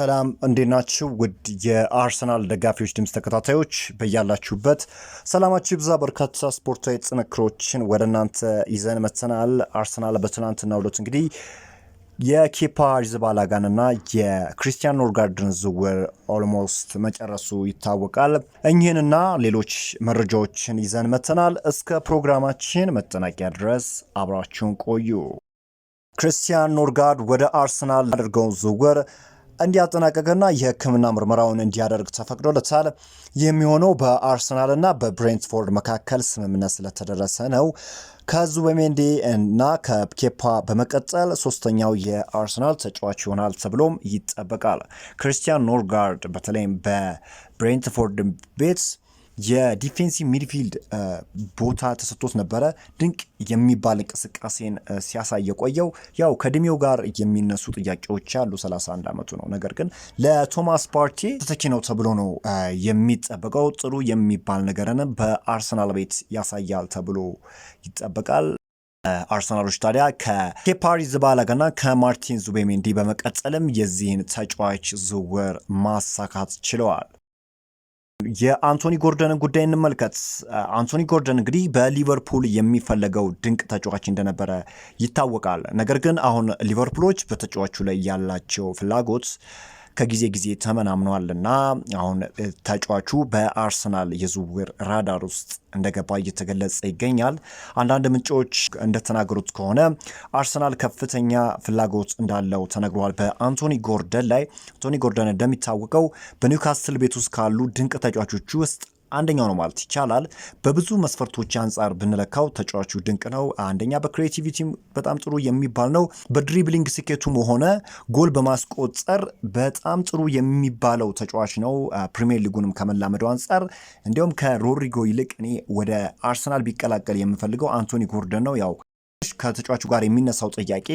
ሰላም እንዴት ናችሁ? ውድ የአርሰናል ደጋፊዎች ድምፅ ተከታታዮች በያላችሁበት ሰላማችሁ ይብዛ። በርካታ ስፖርታዊ ጥንክሮችን ወደ እናንተ ይዘን መጥተናል። አርሰናል በትናንትናው ዕለት እንግዲህ የኬፓ አሪዛባላጋንና የክሪስቲያን ኖርጋርድን ዝውውር ኦልሞስት መጨረሱ ይታወቃል። እኚህንና ሌሎች መረጃዎችን ይዘን መጥተናል። እስከ ፕሮግራማችን መጠናቂያ ድረስ አብራችሁን ቆዩ። ክሪስቲያን ኖርጋርድ ወደ አርሰናል አድርገውን ዝውውር እንዲያጠናቀቅና የሕክምና ምርመራውን እንዲያደርግ ተፈቅዶለታል። የሚሆነው በአርሰናልና በብሬንትፎርድ መካከል ስምምነት ስለተደረሰ ነው። ከዙበሜንዲ እና ከኬፓ በመቀጠል ሶስተኛው የአርሰናል ተጫዋች ይሆናል ተብሎም ይጠበቃል። ክርስቲያን ኖርጋርድ በተለይም በብሬንትፎርድ ቤትስ የዲፌንሲቭ ሚድፊልድ ቦታ ተሰጥቶት ነበረ። ድንቅ የሚባል እንቅስቃሴን ሲያሳይ የቆየው ያው ከእድሜው ጋር የሚነሱ ጥያቄዎች ያሉ 31 ዓመቱ ነው። ነገር ግን ለቶማስ ፓርቲ ተተኪ ነው ተብሎ ነው የሚጠበቀው። ጥሩ የሚባል ነገርን በአርሰናል ቤት ያሳያል ተብሎ ይጠበቃል። አርሰናሎች ታዲያ ከኬፓሪ ዝባላጋና ከማርቲን ዙቤሜንዲ በመቀጠልም የዚህን ተጫዋች ዝውውር ማሳካት ችለዋል። የአንቶኒ ጎርደንን ጉዳይ እንመልከት። አንቶኒ ጎርደን እንግዲህ በሊቨርፑል የሚፈለገው ድንቅ ተጫዋች እንደነበረ ይታወቃል። ነገር ግን አሁን ሊቨርፑሎች በተጫዋቹ ላይ ያላቸው ፍላጎት ከጊዜ ጊዜ ተመናምነዋልና አሁን ተጫዋቹ በአርሰናል የዝውውር ራዳር ውስጥ እንደገባ እየተገለጸ ይገኛል። አንዳንድ ምንጮች እንደተናገሩት ከሆነ አርሰናል ከፍተኛ ፍላጎት እንዳለው ተነግሯል በአንቶኒ ጎርደን ላይ። አንቶኒ ጎርደን እንደሚታወቀው በኒውካስትል ቤት ውስጥ ካሉ ድንቅ ተጫዋቾች ውስጥ አንደኛው ነው ማለት ይቻላል። በብዙ መስፈርቶች አንጻር ብንለካው ተጫዋቹ ድንቅ ነው። አንደኛ በክሬቲቪቲ በጣም ጥሩ የሚባል ነው። በድሪብሊንግ ስኬቱም ሆነ ጎል በማስቆጠር በጣም ጥሩ የሚባለው ተጫዋች ነው። ፕሪሚየር ሊጉንም ከመላመደው አንጻር እንዲሁም ከሮድሪጎ ይልቅ እኔ ወደ አርሰናል ቢቀላቀል የምፈልገው አንቶኒ ጎርደን ነው ያው ከተጫዋቹ ጋር የሚነሳው ጥያቄ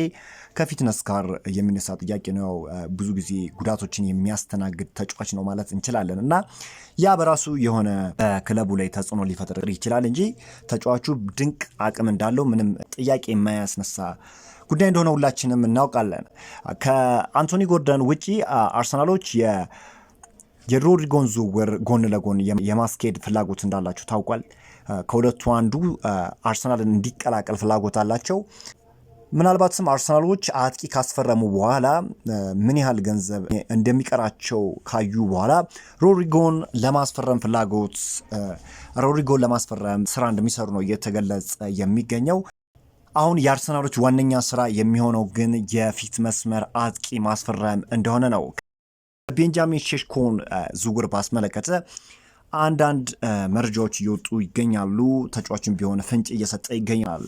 ከፊትነስ ጋር የሚነሳ ጥያቄ ነው። ብዙ ጊዜ ጉዳቶችን የሚያስተናግድ ተጫዋች ነው ማለት እንችላለን እና ያ በራሱ የሆነ በክለቡ ላይ ተጽዕኖ ሊፈጥር ይችላል እንጂ ተጫዋቹ ድንቅ አቅም እንዳለው ምንም ጥያቄ የማያስነሳ ጉዳይ እንደሆነ ሁላችንም እናውቃለን። ከአንቶኒ ጎርደን ውጪ አርሰናሎች የሮድሪጎን ዝውውር ጎን ለጎን የማስኬድ ፍላጎት እንዳላቸው ታውቋል። ከሁለቱ አንዱ አርሰናልን እንዲቀላቀል ፍላጎት አላቸው። ምናልባትም አርሰናሎች አጥቂ ካስፈረሙ በኋላ ምን ያህል ገንዘብ እንደሚቀራቸው ካዩ በኋላ ሮድሪጎን ለማስፈረም ፍላጎት ሮድሪጎን ለማስፈረም ስራ እንደሚሰሩ ነው እየተገለጸ የሚገኘው። አሁን የአርሰናሎች ዋነኛ ስራ የሚሆነው ግን የፊት መስመር አጥቂ ማስፈረም እንደሆነ ነው። ቤንጃሚን ሼሽኮን ዝውውር ባስመለከተ አንዳንድ መረጃዎች እየወጡ ይገኛሉ። ተጫዋችን ቢሆን ፍንጭ እየሰጠ ይገኛል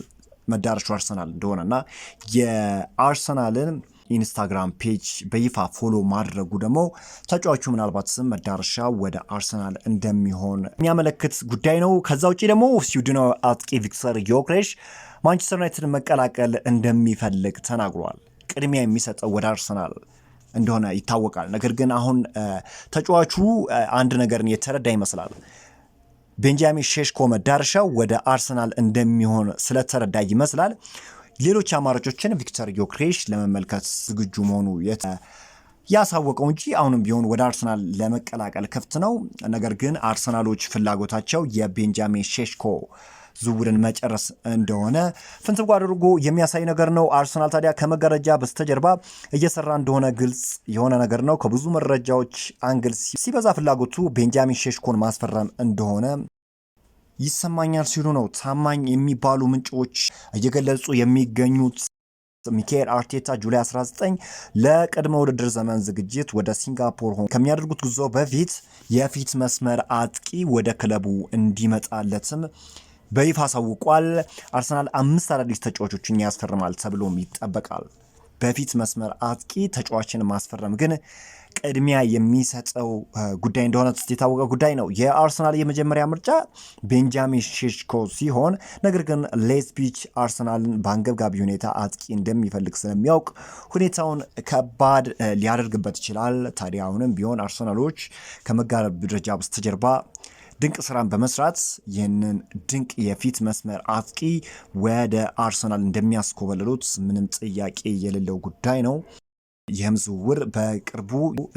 መዳረሻው አርሰናል እንደሆነና የአርሰናልን ኢንስታግራም ፔጅ በይፋ ፎሎ ማድረጉ ደግሞ ተጫዋቹ ምናልባት ስም መዳረሻ ወደ አርሰናል እንደሚሆን የሚያመለክት ጉዳይ ነው። ከዛ ውጭ ደግሞ ስዊድናዊ አጥቂ ቪክተር ዮክሬሽ ማንቸስተር ዩናይትድን መቀላቀል እንደሚፈልግ ተናግሯል። ቅድሚያ የሚሰጠው ወደ አርሰናል እንደሆነ ይታወቃል። ነገር ግን አሁን ተጫዋቹ አንድ ነገርን የተረዳ ይመስላል። ቤንጃሚን ሼሽኮ መዳረሻው ወደ አርሰናል እንደሚሆን ስለተረዳ ይመስላል ሌሎች አማራጮችን ቪክተር ዮክሬሽ ለመመልከት ዝግጁ መሆኑ ያሳወቀው እንጂ አሁንም ቢሆን ወደ አርሰናል ለመቀላቀል ክፍት ነው። ነገር ግን አርሰናሎች ፍላጎታቸው የቤንጃሚን ሼሽኮ ዝውውርን መጨረስ እንደሆነ ፍንትው አድርጎ የሚያሳይ ነገር ነው። አርሰናል ታዲያ ከመጋረጃ በስተጀርባ እየሰራ እንደሆነ ግልጽ የሆነ ነገር ነው። ከብዙ መረጃዎች አንግል ሲበዛ ፍላጎቱ ቤንጃሚን ሼሽኮን ማስፈረም እንደሆነ ይሰማኛል ሲሉ ነው ታማኝ የሚባሉ ምንጮች እየገለጹ የሚገኙት። ሚካኤል አርቴታ ጁላይ 19 ለቅድመ ውድድር ዘመን ዝግጅት ወደ ሲንጋፖር ሆኖ ከሚያደርጉት ጉዞ በፊት የፊት መስመር አጥቂ ወደ ክለቡ እንዲመጣለትም በይፋ አሳውቋል። አርሰናል አምስት አዳዲስ ተጫዋቾችን ያስፈርማል ተብሎም ይጠበቃል። በፊት መስመር አጥቂ ተጫዋችን ማስፈረም ግን ቅድሚያ የሚሰጠው ጉዳይ እንደሆነ የታወቀ ጉዳይ ነው። የአርሰናል የመጀመሪያ ምርጫ ቤንጃሚን ሼሽኮ ሲሆን ነገር ግን ሌስፒች አርሰናልን በአንገብጋቢ ሁኔታ አጥቂ እንደሚፈልግ ስለሚያውቅ ሁኔታውን ከባድ ሊያደርግበት ይችላል። ታዲያ አሁንም ቢሆን አርሰናሎች ከመጋረብ ደረጃ በስተጀርባ ድንቅ ስራን በመስራት ይህንን ድንቅ የፊት መስመር አጥቂ ወደ አርሰናል እንደሚያስኮበልሉት ምንም ጥያቄ የሌለው ጉዳይ ነው። ይህም ዝውውር በቅርቡ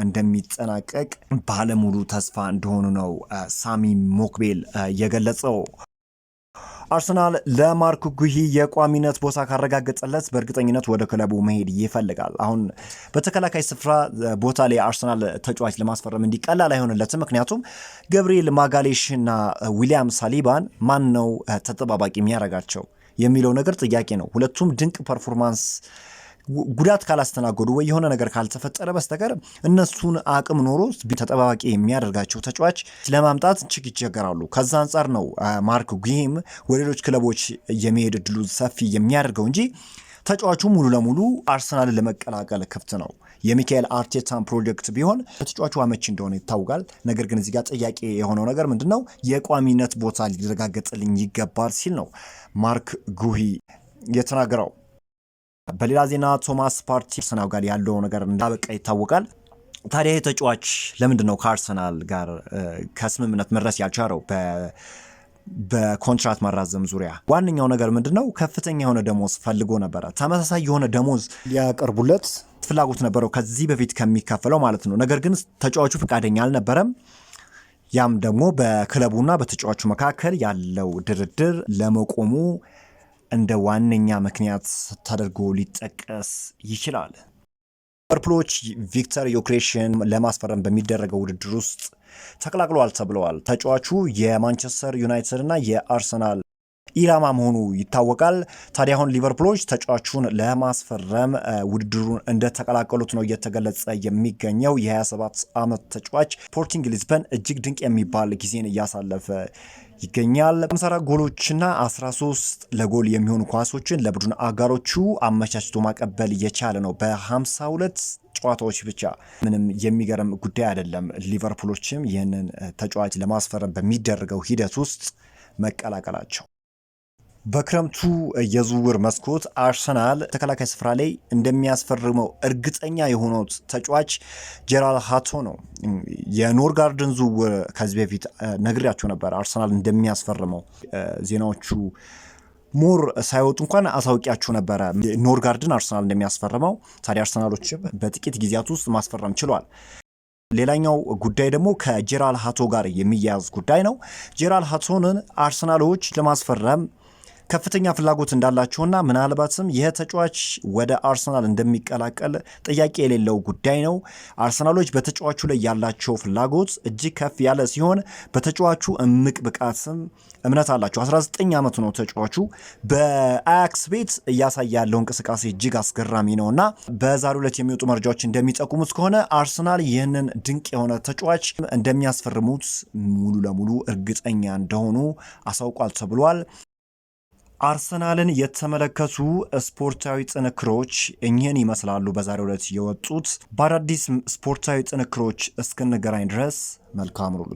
እንደሚጠናቀቅ ባለሙሉ ተስፋ እንደሆኑ ነው ሳሚ ሞክቤል የገለጸው። አርሰናል ለማርክ ጉሂ የቋሚነት ቦታ ካረጋገጠለት በእርግጠኝነት ወደ ክለቡ መሄድ ይፈልጋል። አሁን በተከላካይ ስፍራ ቦታ ላይ አርሰናል ተጫዋች ለማስፈረም እንዲቀላል አይሆንለትም። ምክንያቱም ገብርኤል ማጋሌሽ እና ዊሊያም ሳሊባን ማን ነው ተጠባባቂ የሚያረጋቸው የሚለው ነገር ጥያቄ ነው። ሁለቱም ድንቅ ፐርፎርማንስ ጉዳት ካላስተናገዱ ወይ የሆነ ነገር ካልተፈጠረ በስተቀር እነሱን አቅም ኖሮ ተጠባባቂ የሚያደርጋቸው ተጫዋች ለማምጣት ችግ ይቸገራሉ። ከዛ አንጻር ነው ማርክ ጉሂም ወደ ሌሎች ክለቦች የመሄድ እድሉ ሰፊ የሚያደርገው እንጂ ተጫዋቹ ሙሉ ለሙሉ አርሰናልን ለመቀላቀል ክፍት ነው። የሚካኤል አርቴታን ፕሮጀክት ቢሆን ተጫዋቹ አመቺ እንደሆነ ይታወቃል። ነገር ግን እዚህ ጋር ጥያቄ የሆነው ነገር ምንድን ነው? የቋሚነት ቦታ ሊረጋገጥልኝ ይገባል ሲል ነው ማርክ ጉሂ የተናገረው። በሌላ ዜና ቶማስ ፓርቲ አርሰናል ጋር ያለው ነገር እንዳበቃ ይታወቃል። ታዲያ የተጫዋች ለምንድን ነው ከአርሰናል ጋር ከስምምነት መድረስ ያልቻለው? በኮንትራት ማራዘም ዙሪያ ዋነኛው ነገር ምንድን ነው? ከፍተኛ የሆነ ደሞዝ ፈልጎ ነበረ። ተመሳሳይ የሆነ ደሞዝ ሊያቀርቡለት ፍላጎት ነበረው ከዚህ በፊት ከሚከፈለው ማለት ነው። ነገር ግን ተጫዋቹ ፈቃደኛ አልነበረም። ያም ደግሞ በክለቡና በተጫዋቹ መካከል ያለው ድርድር ለመቆሙ እንደ ዋነኛ ምክንያት ተደርጎ ሊጠቀስ ይችላል። ፐርፕሎች ቪክተር ዮክሬሽን ለማስፈረም በሚደረገው ውድድር ውስጥ ተቀላቅለዋል ተብለዋል። ተጫዋቹ የማንቸስተር ዩናይትድ እና የአርሰናል ኢላማ መሆኑ ይታወቃል። ታዲያ አሁን ሊቨርፑሎች ተጫዋቹን ለማስፈረም ውድድሩን እንደተቀላቀሉት ነው እየተገለጸ የሚገኘው። የ27 ዓመት ተጫዋች ስፖርቲንግ ሊዝበን እጅግ ድንቅ የሚባል ጊዜን እያሳለፈ ይገኛል። አምሳራ ጎሎችና 13 ለጎል የሚሆኑ ኳሶችን ለቡድን አጋሮቹ አመቻችቶ ማቀበል እየቻለ ነው በ52 ጨዋታዎች ብቻ ምንም የሚገርም ጉዳይ አይደለም። ሊቨርፑሎችም ይህንን ተጫዋች ለማስፈረም በሚደረገው ሂደት ውስጥ መቀላቀላቸው በክረምቱ የዝውውር መስኮት አርሰናል ተከላካይ ስፍራ ላይ እንደሚያስፈርመው እርግጠኛ የሆኑት ተጫዋች ጀራል ሃቶ ነው። የኖርጋርድን ዝውውር ከዚህ በፊት ነግሬያቸው ነበር፣ አርሰናል እንደሚያስፈርመው ዜናዎቹ ሞር ሳይወጡ እንኳን አሳውቂያችሁ ነበረ። ኖርጋርድን አርሰናል እንደሚያስፈርመው ታዲያ አርሰናሎችም በጥቂት ጊዜያት ውስጥ ማስፈረም ችሏል። ሌላኛው ጉዳይ ደግሞ ከጄራል ሃቶ ጋር የሚያያዝ ጉዳይ ነው። ጄራል ሀቶንን አርሰናሎች ለማስፈረም ከፍተኛ ፍላጎት እንዳላቸውና ምናልባትም ይህ ተጫዋች ወደ አርሰናል እንደሚቀላቀል ጥያቄ የሌለው ጉዳይ ነው። አርሰናሎች በተጫዋቹ ላይ ያላቸው ፍላጎት እጅግ ከፍ ያለ ሲሆን በተጫዋቹ እምቅ ብቃትም እምነት አላቸው። 19 ዓመቱ ነው ተጫዋቹ። በአያክስ ቤት እያሳየ ያለው እንቅስቃሴ እጅግ አስገራሚ ነውና በዛሬው ዕለት የሚወጡ መረጃዎች እንደሚጠቁሙት ከሆነ አርሰናል ይህንን ድንቅ የሆነ ተጫዋች እንደሚያስፈርሙት ሙሉ ለሙሉ እርግጠኛ እንደሆኑ አሳውቋል ተብሏል። አርሰናልን የተመለከቱ ስፖርታዊ ጥንክሮች እኚህን ይመስላሉ። በዛሬው ዕለት የወጡት በአዳዲስ ስፖርታዊ ጥንክሮች እስክንገናኝ ድረስ መልካም ሩሉት